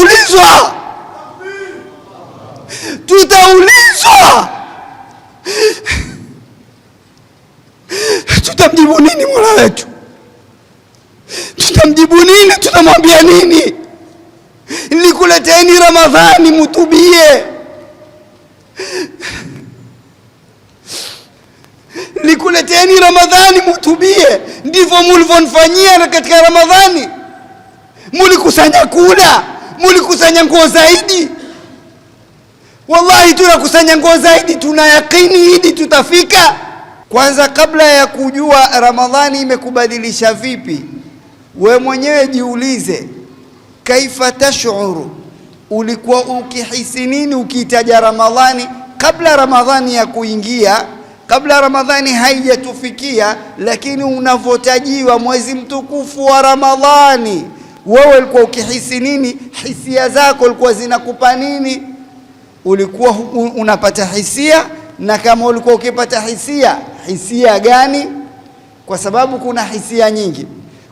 tutaulizwa, tutaulizwa. Tutamjibu nini Mola wetu? Tutamjibu nini? Tutamwambia nini? Nikuleteni Ramadhani mutubie, Nikuleteni Ramadhani mutubie, ndivyo mulivyonifanyia katika Ramadhani, mulikusanya kula mulikusanya nguo zaidi. Wallahi, tunakusanya nguo zaidi, tuna yakini idi tutafika. Kwanza, kabla ya kujua Ramadhani imekubadilisha vipi, we mwenyewe jiulize, kaifa tashuru, ulikuwa ukihisi nini ukiitaja Ramadhani kabla Ramadhani ya kuingia kabla Ramadhani haijatufikia, lakini unavyotajiwa mwezi mtukufu wa Ramadhani wewe ulikuwa ukihisi nini? Hisia zako ulikuwa zinakupa nini? Ulikuwa unapata hisia, na kama ulikuwa ukipata hisia, hisia gani? Kwa sababu kuna hisia nyingi.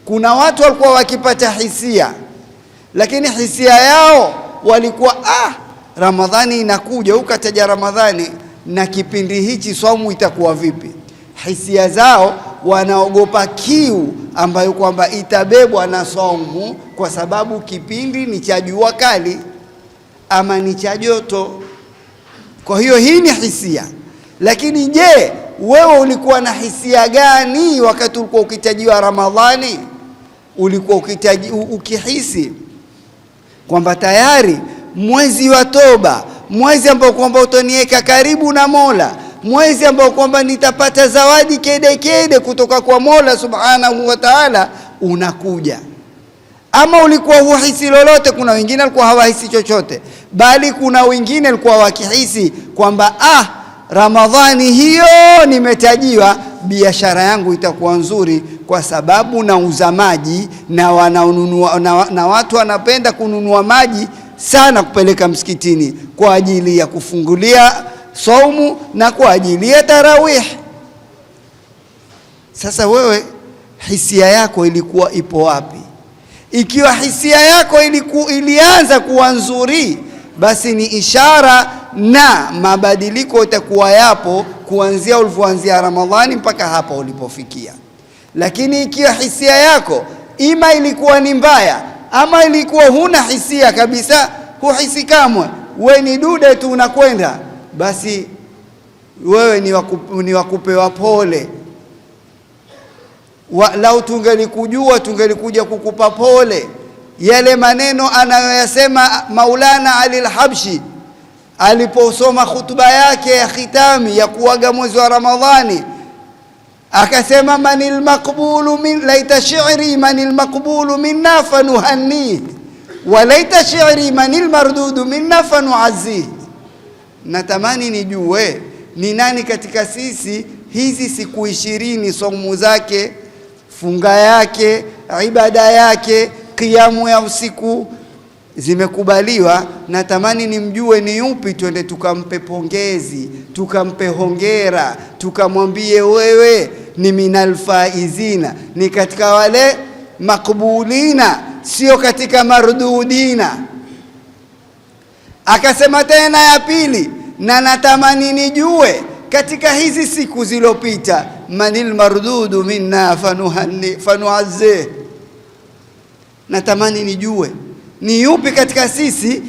Kuna watu walikuwa wakipata hisia, lakini hisia yao walikuwa ah, Ramadhani inakuja, ukataja Ramadhani na kipindi hichi, saumu itakuwa vipi? hisia zao, wanaogopa kiu ambayo kwamba itabebwa na saumu, kwa sababu kipindi ni cha jua kali ama ni cha joto. Kwa hiyo hii ni hisia, lakini je, wewe ulikuwa na hisia gani wakati ulikuwa ukitajiwa Ramadhani? Ulikuwa ukitaji, ukihisi kwamba tayari mwezi wa toba, mwezi ambao kwamba utoniweka karibu na Mola mwezi ambao kwamba nitapata zawadi kedekede kede kutoka kwa Mola Subhanahu wa Ta'ala unakuja. Ama ulikuwa huhisi lolote? Kuna wengine walikuwa hawahisi chochote, bali kuna wengine walikuwa wakihisi kwamba ah, Ramadhani hiyo nimetajiwa, biashara yangu itakuwa nzuri kwa sababu nauza maji na, wananunua, na, na watu wanapenda kununua maji sana kupeleka msikitini kwa ajili ya kufungulia saumu na kwa ajili ya tarawih. Sasa wewe hisia yako ilikuwa ipo wapi? Ikiwa hisia yako iliku, ilianza kuwa nzuri, basi ni ishara na mabadiliko itakuwa yapo kuanzia ulivyoanzia Ramadhani mpaka hapa ulipofikia. Lakini ikiwa hisia yako ima ilikuwa ni mbaya ama ilikuwa huna hisia kabisa, huhisi kamwe, we ni dude tu unakwenda basi wewe ni, wakupe, ni wakupewa pole wa, lau tungelikujua tungelikuja kukupa pole. Yale maneno anayoyasema Maulana Ali Al-Habshi aliposoma khutuba yake ya khitami ya kuaga mwezi wa Ramadhani akasema, manil maqbulu min laita shi'ri manil maqbulu minna fanuhanni wa laita shi'ri manil mardudu minna fanuazzihi natamani nijue ni nani katika sisi hizi siku ishirini somu zake funga yake ibada yake kiamu ya usiku zimekubaliwa. Natamani nimjue ni yupi, twende tukampe pongezi, tukampe hongera, tukamwambie wewe ni minalfaizina ni katika wale makbulina, sio katika mardudina. Akasema tena ya pili na natamani nijue katika hizi siku zilopita, manil mardudu minna fanuazzih, natamani nijue ni yupi katika sisi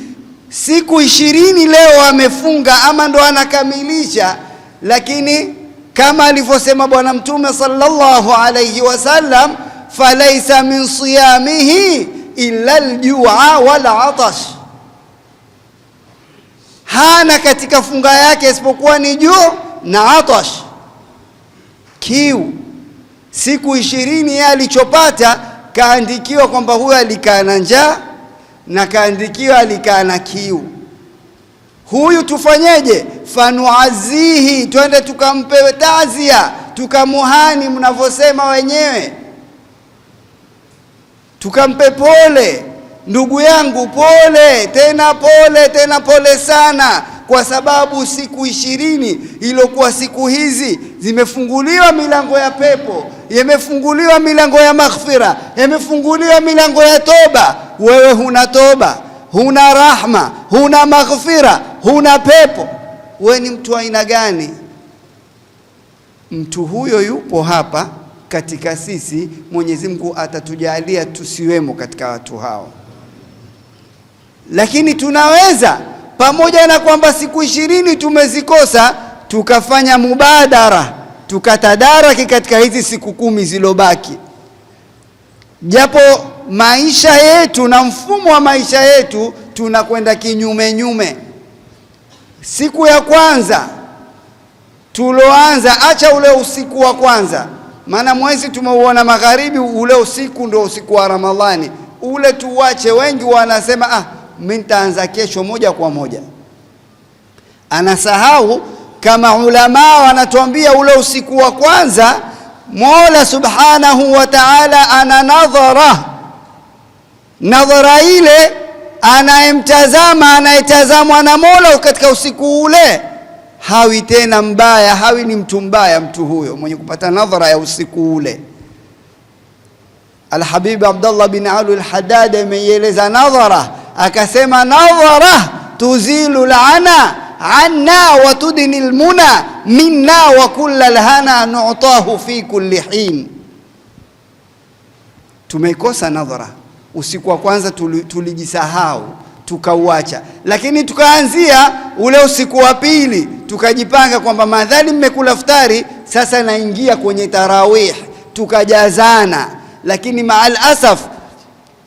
siku ishirini leo amefunga ama ndo anakamilisha, lakini kama alivyosema Bwana Mtume sallallahu alayhi wasallam, falaisa min siyamihi illa aljua wal atash hana katika funga yake isipokuwa ni juu na atash, kiu. Siku ishirini yeye alichopata kaandikiwa kwamba huyo alikaa na njaa na kaandikiwa alikaa na kiu. Huyu tufanyeje? Fanuazihi, twende tukampe tazia, tukamuhani mnavyosema wenyewe, tukampe pole Ndugu yangu, pole tena, pole tena, pole sana, kwa sababu siku ishirini iliyokuwa siku hizi zimefunguliwa milango ya pepo, yamefunguliwa milango ya maghfira, yamefunguliwa milango ya toba. Wewe huna toba, huna rahma, huna maghfira, huna pepo. Wewe ni mtu wa aina gani? Mtu huyo yupo hapa katika sisi. Mwenyezi Mungu atatujalia tusiwemo katika watu hao. Lakini tunaweza pamoja na kwamba siku ishirini tumezikosa, tukafanya mubadara, tukatadaraki katika hizi siku kumi zilobaki, japo maisha yetu na mfumo wa maisha yetu tunakwenda kinyume nyume. Siku ya kwanza tuloanza, acha ule usiku wa kwanza, maana mwezi tumeuona magharibi, ule usiku ndio usiku wa Ramadhani, ule tuwache. Wengi wanasema ah mimi nitaanza kesho moja kwa moja. Anasahau kama ulamaa wanatuambia ule usiku wa kwanza Mola Subhanahu wa Ta'ala ana nadhara, nadhara ile anayemtazama anayetazamwa na Mola katika usiku ule hawi tena mbaya, hawi ni mtu mbaya, mtu huyo mwenye kupata nadhara ya usiku ule. Alhabibu Abdullah bin Alu Alhadad ameieleza nadhara akasema nadhara tuzilu lana anna wa tudni lmuna minna wa kulla lhana nutahu fi kulli hin. Tumekosa nadhara. Usiku wa kwanza tulijisahau tukauacha, lakini tukaanzia ule usiku wa pili tukajipanga kwamba madhali mmekula futari, sasa naingia kwenye tarawih, tukajazana. Lakini maal asaf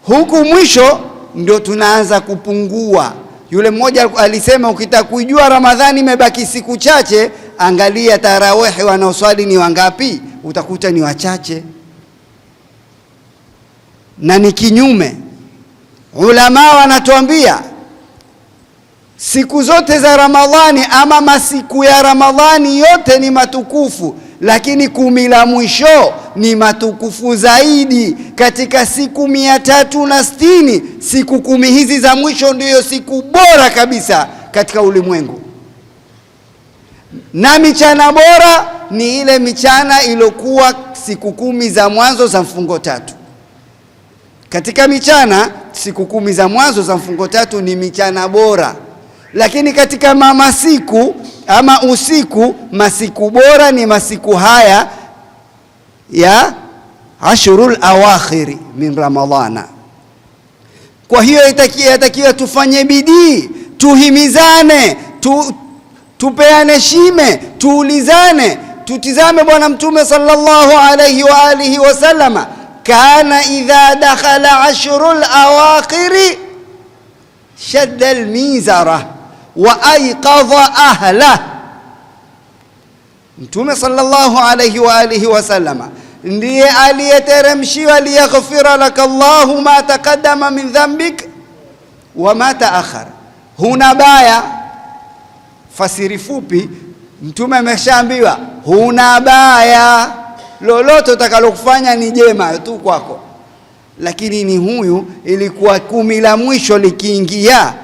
huku mwisho ndio tunaanza kupungua. Yule mmoja alisema ukitaka kujua Ramadhani imebaki siku chache, angalia tarawihi wanaoswali ni wangapi, utakuta ni wachache, na ni kinyume. Ulama wanatuambia siku zote za Ramadhani ama masiku ya Ramadhani yote ni matukufu lakini kumi la mwisho ni matukufu zaidi katika siku mia tatu na sitini. Siku kumi hizi za mwisho ndiyo siku bora kabisa katika ulimwengu, na michana bora ni ile michana iliyokuwa siku kumi za mwanzo za mfungo tatu. Katika michana siku kumi za mwanzo za mfungo tatu ni michana bora, lakini katika mama siku ama usiku, masiku bora ni masiku haya ya ashurul awakhiri min Ramadhana. Kwa hiyo yatakiwa tufanye bidii, tuhimizane, tu, tupeane shime, tuulizane, tutizame Bwana Mtume sallallahu alayhi wa alihi wasallama, kana idha dakhala ashrul awakhiri shadda almizara wa aikadha ahla. Mtume sallallahu alayhi wa alihi sallama ndiye aliyeteremshiwa liyaghfira laka llahu ma taqaddama min dhambik wa ma taakhar. Huna baya, fasiri fupi, mtume ameshaambiwa huna baya lolote utakalokufanya ni jema tu kwako, lakini ni huyu, ilikuwa kumi la mwisho likiingia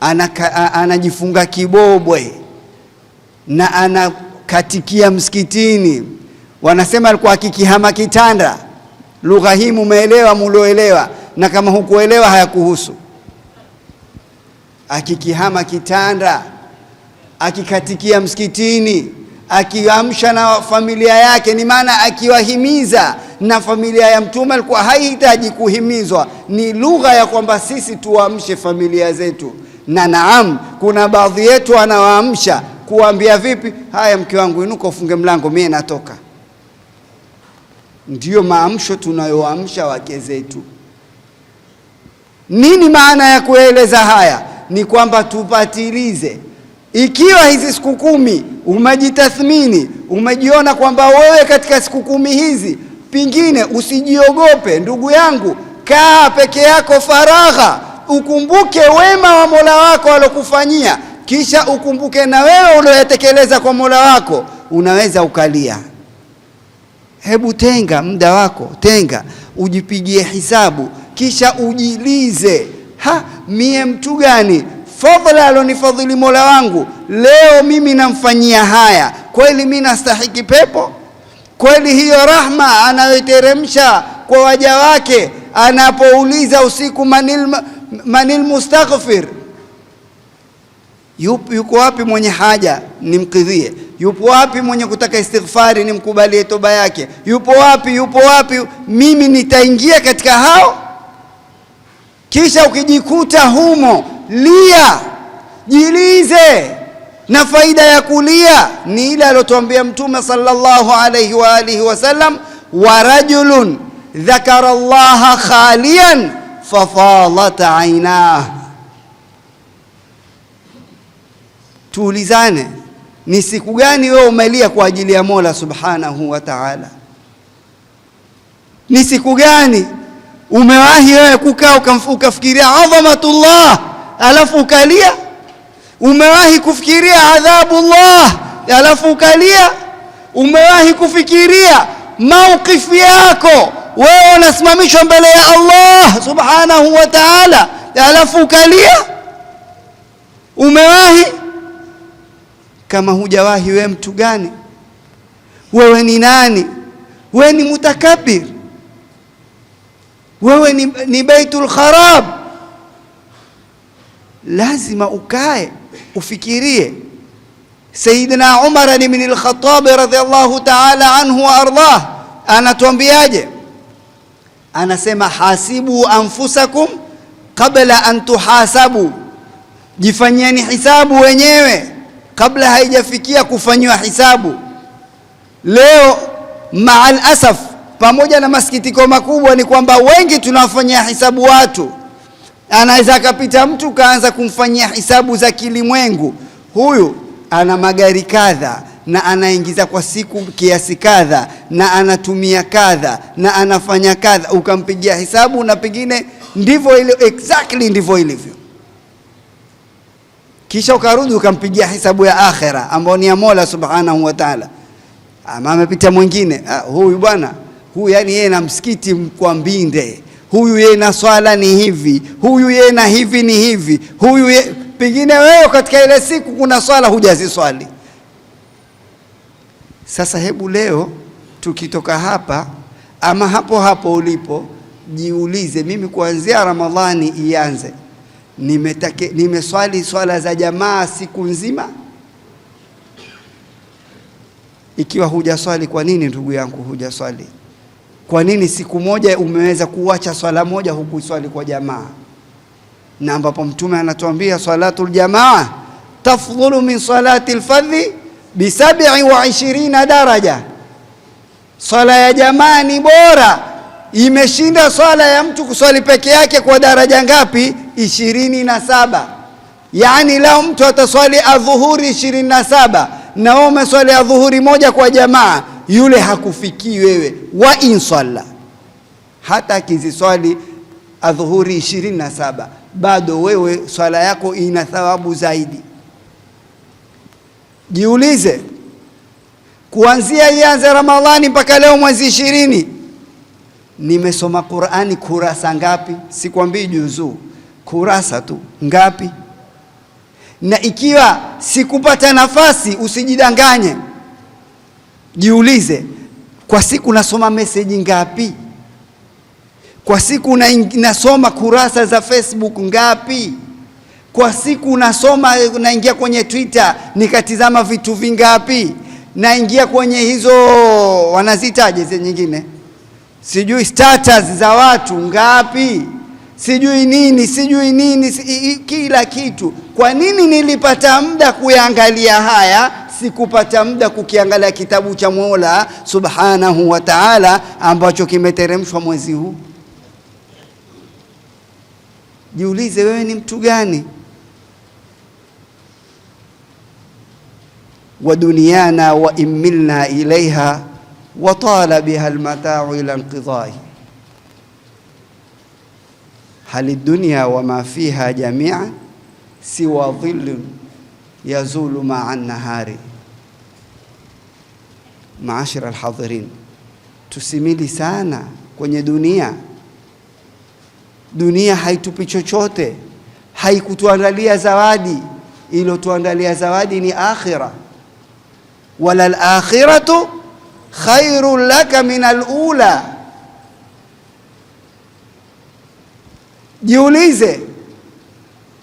anaka, anajifunga kibobwe na anakatikia msikitini, wanasema alikuwa akikihama kitanda. Lugha hii mumeelewa, mulioelewa, na kama hukuelewa hayakuhusu. Akikihama kitanda, akikatikia msikitini, akiamsha na familia yake, ni maana akiwahimiza na familia ya Mtume alikuwa haihitaji kuhimizwa, ni lugha ya kwamba sisi tuamshe familia zetu na naam, kuna baadhi yetu anawaamsha kuambia vipi? Haya, mke wangu inuka, ufunge mlango, mie natoka. Ndiyo maamsho tunayoamsha wake zetu. Nini maana ya kueleza haya? Ni kwamba tupatilize ikiwa hizi siku kumi umejitathmini, umejiona kwamba wewe katika siku kumi hizi, pengine usijiogope ndugu yangu, kaa peke yako faragha ukumbuke wema wa Mola wako alokufanyia, kisha ukumbuke na wewe ulioyatekeleza kwa Mola wako, unaweza ukalia. Hebu tenga muda wako, tenga ujipigie hisabu, kisha ujilize, ha, mie mtu gani fadhila alonifadhili Mola wangu leo mimi namfanyia haya? Kweli mimi nastahiki pepo? Kweli hiyo rahma anayoteremsha kwa waja wake anapouliza usiku manilma manil mustaghfir, yuko wapi mwenye haja nimkidhie? Yupo wapi mwenye kutaka istighfari nimkubalie toba yake? Yupo wapi? Yupo wapi? Mimi nitaingia katika hao. Kisha ukijikuta humo, lia, jilize na faida ya kulia ni ile aliyotuambia Mtume sallallahu alayhi wa alihi wasallam, wa rajulun dhakara llaha khalian fadhalat ainah. Tuulizane, ni siku gani wewe umelia kwa ajili ya Mola subhanahu wa taala? Ni siku gani umewahi wewe kukaa ukafikiria adhamatullah alafu ukalia? Umewahi kufikiria adhabullah alafu ukalia? Umewahi kufikiria mauqifu yako wewe unasimamishwa mbele ya Allah subhanahu wa ta'ala, alafu ukalia umewahi. Kama hujawahi, we mtu gani? Wewe ni nani? Wewe ni mutakabir, wewe ni, ni baitul kharab. Lazima ukae ufikirie. Sayyidina Umar ibn al-Khattab radhiyallahu ta'ala anhu wa ardhah anatuambiaje? anasema hasibu anfusakum kabla an tuhasabu, jifanyeni hisabu wenyewe kabla haijafikia kufanyiwa hisabu. Leo maal asaf, pamoja na masikitiko makubwa, ni kwamba wengi tunawafanyia hisabu watu. Anaweza akapita mtu kaanza kumfanyia hisabu za kilimwengu, huyu ana magari kadha na anaingiza kwa siku kiasi kadha na anatumia kadha na anafanya kadha, ukampigia hisabu na pengine ndivyo ile exactly ndivyo ilivyo, kisha ukarudi ukampigia hisabu ya akhera ambayo ni ya Mola Subhanahu wa Ta'ala. Ama amepita mwingine ah, huyu bwana huyu, yani yeye na msikiti kwa mbinde, huyu yeye na swala ni hivi, huyu yeye na hivi ni hivi, huyu ye... pengine wewe katika ile siku kuna swala hujaziswali sasa hebu leo tukitoka hapa ama hapo hapo ulipo, jiulize, mimi kuanzia Ramadhani ianze nimetake nimeswali swala za jamaa siku nzima? Ikiwa hujaswali, kwa nini ndugu yangu hujaswali? Kwa nini siku moja umeweza kuacha swala moja hukuswali kwa jamaa, na ambapo Mtume anatuambia swalatul jamaa tafdhulu min salati lfardhi bisabii wa ishirina daraja. Swala ya jamaa ni bora, imeshinda swala ya mtu kuswali peke yake kwa daraja ngapi? Ishirini na saba. Yaani lao mtu ataswali adhuhuri ishirini na saba na wewe umeswali adhuhuri moja kwa jamaa, yule hakufikii wewe, wa inswala hata akiziswali adhuhuri ishirini na saba bado wewe swala yako ina thawabu zaidi. Jiulize, kuanzia ianze Ramadhani mpaka leo mwezi ishirini nimesoma Qur'ani kurasa ngapi? Sikwambii juzuu, kurasa tu ngapi? Na ikiwa sikupata nafasi, usijidanganye. Jiulize, kwa siku nasoma meseji ngapi? Kwa siku nasoma kurasa za Facebook ngapi? Kwa siku nasoma, naingia kwenye Twitter nikatizama vitu vingapi? Naingia kwenye hizo wanazitaje zile nyingine, sijui status za watu ngapi, sijui nini, sijui nini, kila kitu. Kwa nini nilipata muda kuyaangalia haya, sikupata muda kukiangalia kitabu cha Mola Subhanahu wa Ta'ala ambacho kimeteremshwa mwezi huu? Jiulize wewe ni mtu gani? wa dunyana wa immilna ilaiha wa tala biha almatau ila inqidai hali dunya wa ma fiha jamia siwa dhillun yazulu maa nahari. Maashira alhadhirin, tusimili sana kwenye dunia. Dunia haitupi chochote, haikutuandalia zawadi. Iliyotuandalia zawadi ni akhira walal akhiratu khairu laka min alula. Jiulize,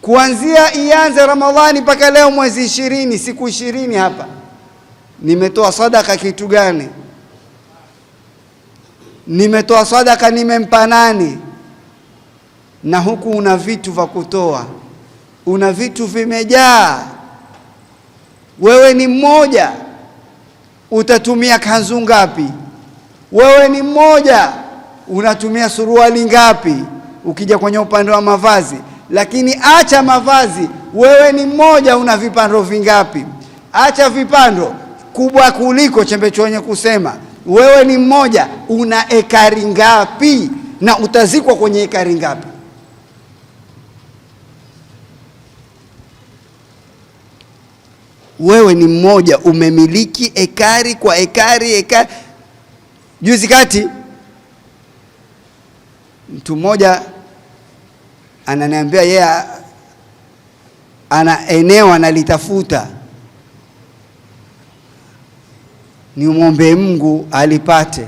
kuanzia ianze Ramadhani mpaka leo mwezi ishirini, siku ishirini hapa nimetoa sadaka kitu gani? Nimetoa sadaka nimempa nani? Na huku una vitu vya kutoa, una vitu vimejaa, wewe ni mmoja utatumia kanzu ngapi? Wewe ni mmoja, unatumia suruali ngapi? Ukija kwenye upande wa mavazi, lakini acha mavazi, wewe ni mmoja, una vipando vingapi? Acha vipando kubwa kuliko chembecho wenye kusema, wewe ni mmoja, una ekari ngapi? Na utazikwa kwenye ekari ngapi? wewe ni mmoja, umemiliki ekari kwa ekari ekari. Juzi kati mtu mmoja ananiambia yeye ana eneo analitafuta ni mwombe Mungu alipate,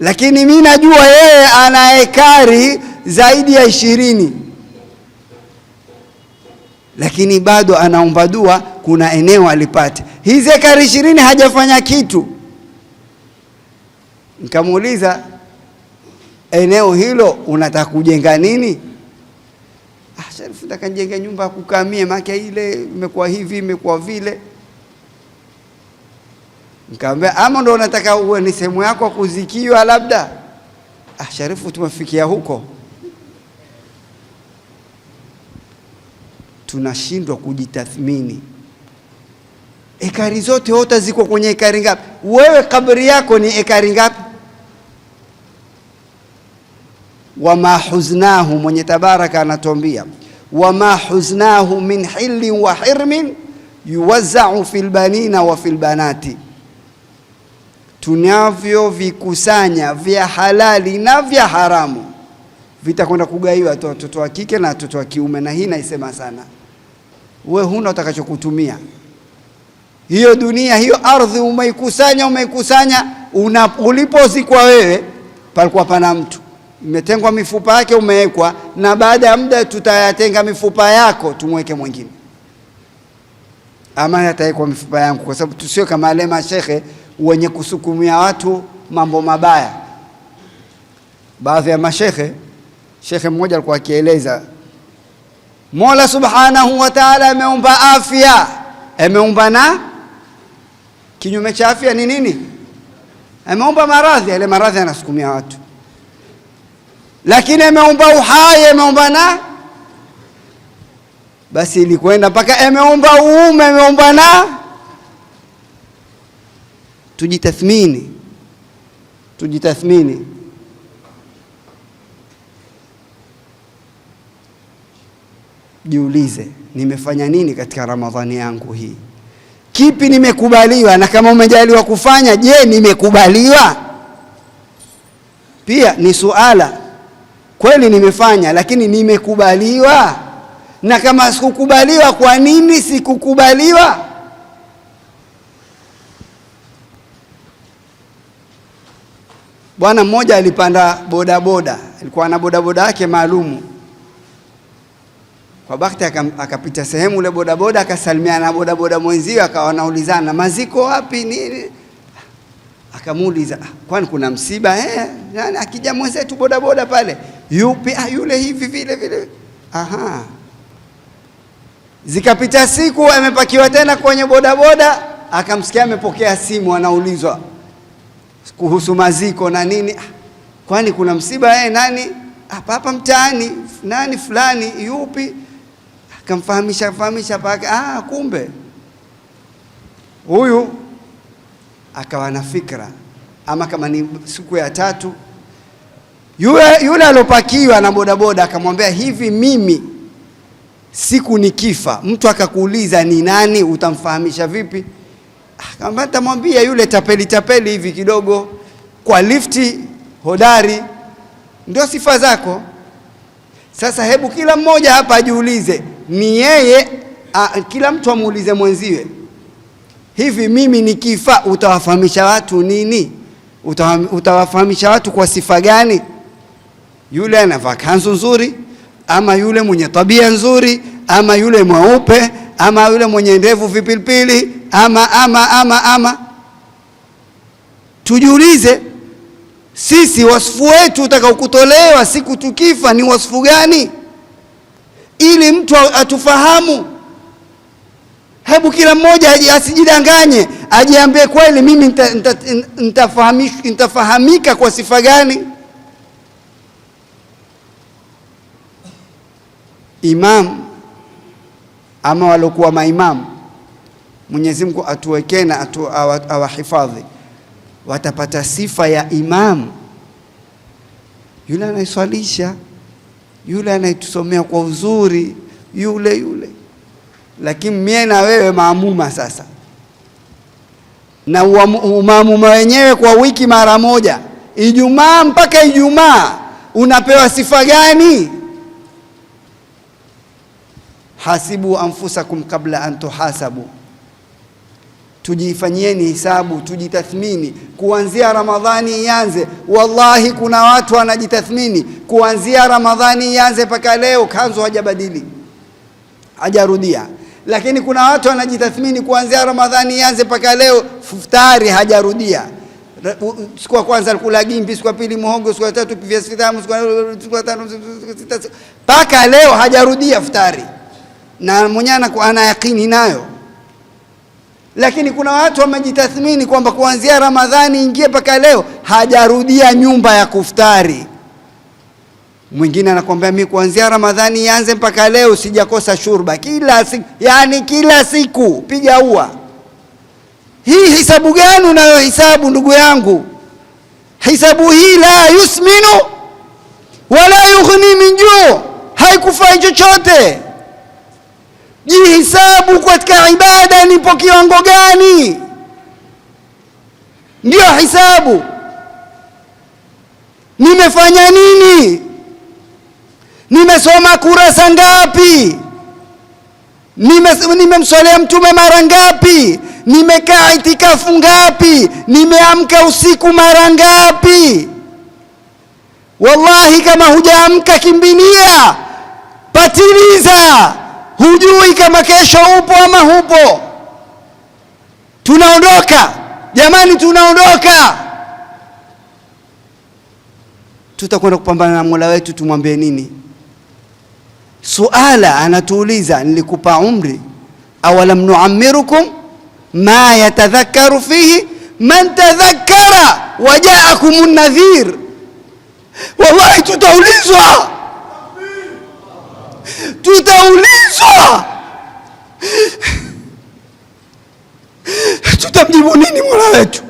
lakini mi najua yeye ana ekari zaidi ya ishirini, lakini bado anaomba dua kuna eneo alipata hizi ekari ishirini hajafanya kitu. Nikamuuliza, eneo hilo unataka kujenga nini? Ah, Sharifu, nataka nijenge nyumba ya kukamie, make ile imekuwa hivi imekuwa vile. Nikamwambia, ama ndo unataka uwe ni sehemu yako kuzikiwa labda? Ah, Sharifu, tumefikia huko tunashindwa kujitathmini. Ekari zote hota ziko kwenye ekari ngapi? Wewe kabri yako ni ekari ngapi? Wama huznahu, mwenye tabaraka anatuambia wama huznahu min hilli wa hirmin yuwazau fil banina wa fil banati, tunavyovikusanya vya halali na vya haramu vitakwenda kugaiwa watoto wa kike na watoto wa kiume. Na hii naisema sana, we huna utakachokutumia hiyo dunia hiyo ardhi umeikusanya, umeikusanya, ulipozikwa wewe palikuwa pana mtu, imetengwa mifupa yake, umewekwa, na baada ya muda tutayatenga mifupa yako tumweke mwingine. Ama yatawekwa mifupa yangu, kwa sababu tusio kama wale mashehe wenye kusukumia watu mambo mabaya. Baadhi ya mashehe, shehe mmoja alikuwa akieleza, Mola subhanahu wa Ta'ala ameumba afya, ameumba na Kinyume cha afya ni nini? Ameumba maradhi, ile maradhi yanasukumia watu, lakini ameumba uhai, ameumba na basi ilikwenda mpaka ameumba uume, ameumba na. Tujitathmini, tujitathmini. Jiulize, nimefanya nini katika Ramadhani yangu hii? kipi nimekubaliwa, na kama umejaliwa kufanya, je, nimekubaliwa? Pia ni suala kweli, nimefanya lakini nimekubaliwa? Na kama sikukubaliwa, kwa nini sikukubaliwa? Bwana mmoja alipanda bodaboda, alikuwa na bodaboda yake maalumu kwa bahati akapita sehemu ule bodaboda akasalimiana na bodaboda mwenzio, akawa anaulizana maziko wapi nini, akamuuliza kwani kuna msiba eh? Yaani akija mwenzetu bodaboda pale, yupi? Ah, yule hivi vile vile. Aha, zikapita siku, amepakiwa tena kwenye bodaboda, akamsikia amepokea simu, anaulizwa kuhusu maziko na nini. Ah, kwani kuna msiba eh? Nani hapa ah, hapa mtaani, nani fulani, yupi? kamfahamisha fahamisha pake, ah, kumbe huyu akawa na fikra, ama kama ni siku ya tatu, yule yule aliopakiwa na bodaboda akamwambia hivi, mimi siku nikifa, mtu akakuuliza ni nani, utamfahamisha vipi? Akamwambia tamwambia yule tapeli tapeli hivi kidogo, kwa lifti hodari, ndio sifa zako. Sasa hebu kila mmoja hapa ajiulize ni yeye a, kila mtu amuulize mwenziwe, hivi mimi nikifa utawafahamisha watu nini? Utawafahamisha watu kwa sifa gani? Yule anavaa kanzu nzuri, ama yule mwenye tabia nzuri, ama yule mweupe, ama yule mwenye ndevu vipilipili, ama ama ama ama. Tujiulize sisi, wasifu wetu utakaokutolewa siku tukifa ni wasifu gani? ili mtu atufahamu. Hebu kila mmoja asijidanganye, ajiambie kweli, mimi nitafahamika kwa sifa gani? Imam ama waliokuwa maimamu, Mwenyezi Mungu atuwekee na atu, awahifadhi, watapata sifa ya imamu yule anayeswalisha yule anayetusomea kwa uzuri yule yule, lakini mie na wewe maamuma sasa, na umaamuma wenyewe kwa wiki mara moja, Ijumaa mpaka Ijumaa, unapewa sifa gani? Hasibu anfusakum kabla an tuhasabu tujifanyieni hisabu, tujitathmini kuanzia Ramadhani ianze. Wallahi, kuna watu wanajitathmini kuanzia Ramadhani ianze mpaka leo, kanzo hajabadili hajarudia. Lakini kuna watu wanajitathmini kuanzia Ramadhani ianze mpaka leo, futari hajarudia siku ya kwanza alikula gimbi, siku ya pili muhogo, siku ya tatu viazi vitamu, siku ya tano mpaka leo hajarudia futari, na mwenyewe ana yakini nayo lakini kuna watu wamejitathmini kwamba kuanzia Ramadhani ingie mpaka leo hajarudia nyumba ya kuftari. Mwingine anakuambia mimi kuanzia Ramadhani ianze mpaka leo sijakosa shurba, kila siku, yani kila siku piga ua. Hii hisabu gani unayohisabu ndugu yangu? Hisabu hii la yusminu wala yughni min juu, haikufai chochote jihisabu katika ibada nipo kiwango gani, ndio hisabu. Nimefanya nini? Nimesoma kurasa ngapi? Nimemswalia Mtume mara ngapi? Nimekaa itikafu ngapi? Nimeamka usiku mara ngapi? Wallahi, kama hujaamka kimbilia, patiliza hujui kama kesho upo ama hupo. Tunaondoka jamani, tunaondoka, tutakwenda kupambana na Mola wetu. Tumwambie nini? Suala anatuuliza nilikupa umri, awalam nuamirukum ma yatadhakaru fihi man tadhakkara wajaakumun nadhir. Wallahi tutaulizwa tutaulizwa, tutamjibu nini Mola wetu?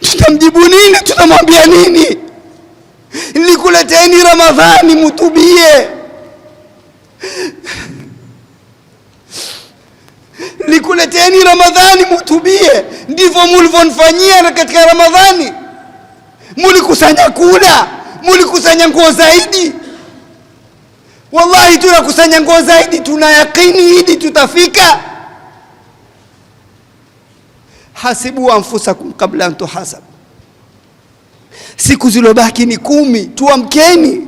Tutamjibu nini? Tutamwambia nini? Nilikuleteni Ramadhani mutubie, nilikuleteni Ramadhani mutubie, ndivyo mulivyonfanyia katika Ramadhani. Mulikusanya kula, mulikusanya nguo zaidi Wallahi, tunakusanya nguo zaidi, tuna yaqini idi tutafika. Hasibu anfusakum kabla an tuhasab, siku zilobaki ni kumi. Tuamkeni,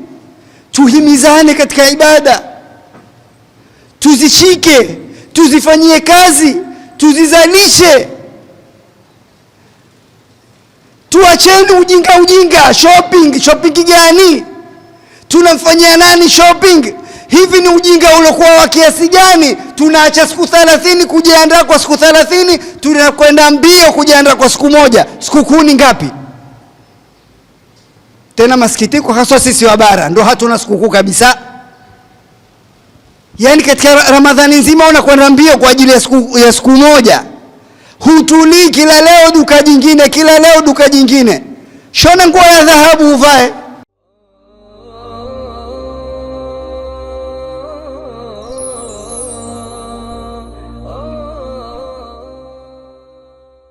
tuhimizane katika ibada, tuzishike, tuzifanyie kazi, tuzizalishe. Tuacheni ujinga, ujinga shopping. Shopping gani? Tunamfanyia nani shopping? Hivi ni ujinga uliokuwa wa kiasi gani? Tunaacha siku 30 kujiandaa kwa siku 30, tunakwenda mbio kujiandaa kwa siku moja. Sikukuu ni ngapi? Tena masikitiko haswa sisi wa bara ndo hatuna sikukuu kabisa. Yaani katika Ramadhani nzima unakwenda mbio kwa ajili ya siku ya siku moja, hutulii. Kila leo duka jingine, kila leo duka jingine. Shona nguo ya dhahabu uvae